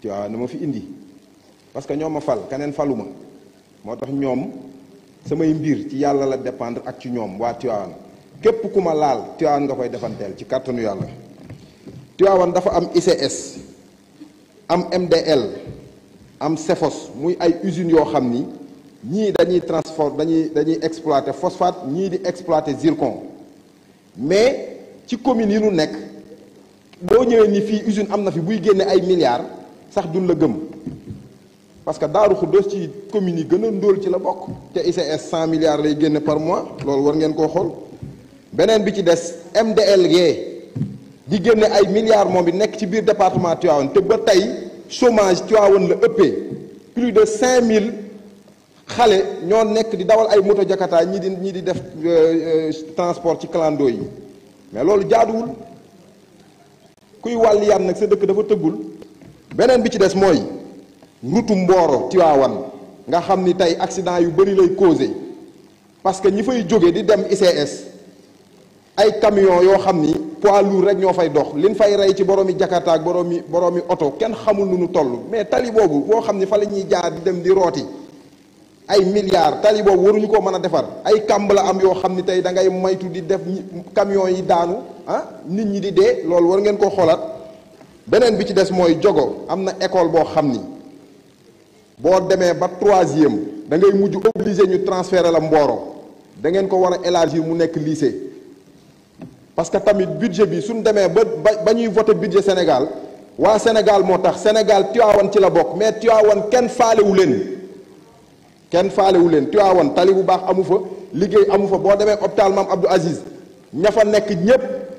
Tiwaawan ma fi indi parce que ñoma fal kenen faluma motax ñom ñoom samay mbir ci yalla la dépendre ak ci ñom wa Tiwaawan kep kuma laal Tiwaawan nga koy defantel ci carton yalla Tiwaawan dafa am ICS am MDL am CEFOS muy ay usine yo xamni ni dañuy transport dañuy dañuy exploiter phosphate ñi di exploiter zircon mais ci commune yi nu nek bo ñëwee ni fi usine am fi buy génné ay milliards sax duñ la gëm parce que Daaru Xuddoos ci commune yi gën a ndóol ci la bokk te ICS 100 milliards lay génne par mois loolu war ngeen koo xool beneen bi ci des MDL yee di génne ay milliards moom bi nekk ci biir département Tivaouane te ba tey chômage Tivaouane la ëppee plus de 5000 xale ñoo nekk di dawal ay moto jakata ñi di ñi di def euh, euh, transport ci clando yi mais loolu jaaduwul kuy wàll yaan nag sa dëkk dafa tëggul. beneen bi ci des mooy rutu Mboro Tiwaawan nga xam ni tey accident yu bëri lay causé parce que ñi fay jóge di dem ICS ay camion yoo xam ni poids lourd rek ñoo fay dox li liñ fay rey ci boroomi Jakarta ak boroomi boroomi oto kenn xamul nu nu toll mais tali boobu boo xam ni fa la ñuy jaar di dem di rooti ay milliards tali boobu waruñu ko mën a defar ay kàmb la am yoo xam ni tey da ngay moytu di def camion yi daanu ah nit ñi di dee loolu war ngeen ko xoolaat. benen bi ci des moy jogo amna école bo xamni bo démé ba 3 troisième da ngay muju obligé ñu transférer la Mboro da ngeen ko war élargir mu nekk lycée parce que tamit budget bi suñ démé ba bañuy voter budget Sénégal wa Sénégal motax Sénégal Tiwaawan ci la bok mais Tiwaawan kenn faalewu leen kenn faalewu leen Tiwaawan tali bu baax amu fa liggéey amu fa bo démé hôpital mam Abdou Aziz ña fa nekk ñepp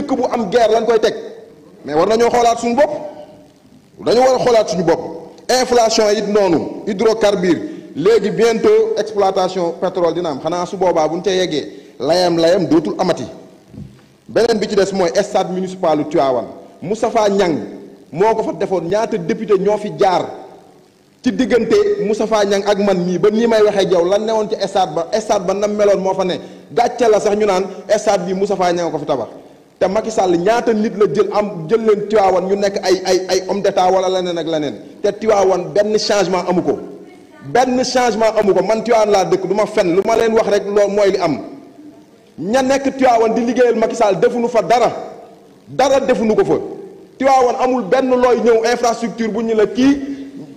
dekk bu am guerre lañ koy tek mais war nañu xolaat suñu bop dañu war xolaat suñu bop inflation it nonu hydrocarbure légui bientôt exploitation pétrole dina am xana su boba buñ ñu ca yeggee layam layam dotul amati benen bi ci dess moy stade municipal Tivaouane Moustapha Niang moko fa defoon ñaata député ñoo fi jaar ci digënté Moustapha Niang ak man mi ba ni may waxe jaw lan néwon ci stade ba stade ba nam melone mo fa né gàcce la sax ñu naan stade bi Moustapha Niang ko fi tabax té Macky Sall ñaata nit la jël am jël leen Tiwaawan ñu nekk ay ay ay homme d'état wala leneen ak leneen té Tiwaawan benn changement amuko ko benn changement amuko man Tiwaawan laa dëkk du ma fen lu ma leen wax rek loolu mooy li am ña nekk Tiwaawan di liggéeyal Macky Sall defuñu fa dara dara defuñu ko fa Tiwaawan amul benn looy ñëw infrastructure bu ñu la kii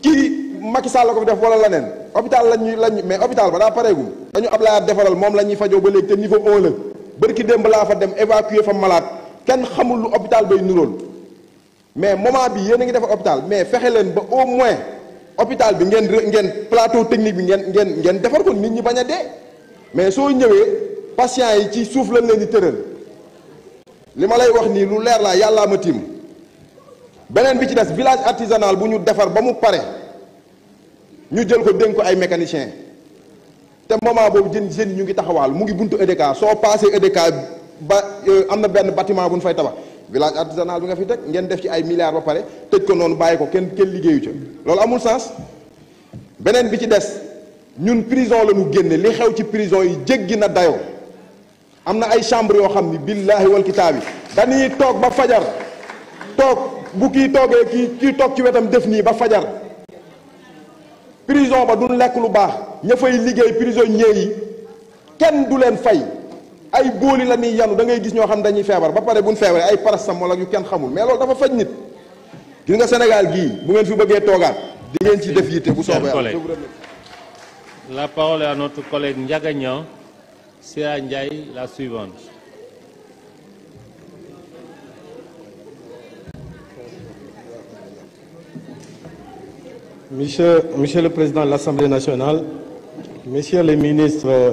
kii Macky Sall la ko def wala leneen hôpital lañ ñuy lañ mais hôpital ba daa pareegum dañu Ablaye defaral moom la ñuy fajoo ba léegi te niveau 1 la barki démb laa fa dem évacuer fa malade kenn xamul lu hôpital bay nuróol mais moment bi yéen ngi defar hôpital mais fexe leen ba au moins hôpital bi ngeen ngeen plateau technique bi ngeen ngeen ngeen defar ko nit ñi baña a mais so ñëwee patient yi ci souf lañ leen di tëral li lay wax ni lu leer la yalla ma tim benen bi ci dess village artisanal bu ñu defar ba mu paré ñu jël ko denko ay mécanicien te moment boobu jën jeunes ñu ngi taxawaal mu ngi buntu EDK soo passé EDK ba euh, am na benn bâtiment bu ñu fay tabax village artisanal bi nga fi teg ngeen def ci ay milliards ba pare tëj ko noonu bàyyi ko kenn kenn liggéeyu ca loolu amul sens beneen bi ci des ñun prison la ñu génne li xew ci prison yi jëggi na dayo am na ay chambre yoo xam ni billaahi wal kitaabi dañuy toog ba fajar toog bu kii toogee kii kii toog ci wetam def nii ba fajar prison ba duñ lek lu baax ña fay liggéey prisonniers yi kenn du len fay ay booli la ni yanu da ngay gis ño xam dañuy feebar ba paré buñ feebaree ay paracétamol ak yu kenn xamul mais lool dafa faj nit gis nga Sénégal gi bu ngeen fi bëggee togaat di ngeen ci def yité bu soobee Yàlla La parole est à notre collègue Ndiaga Niang, Sira Ndiaye, la suivante. Monsieur, le Président de l'Assemblée nationale, Messieurs les ministres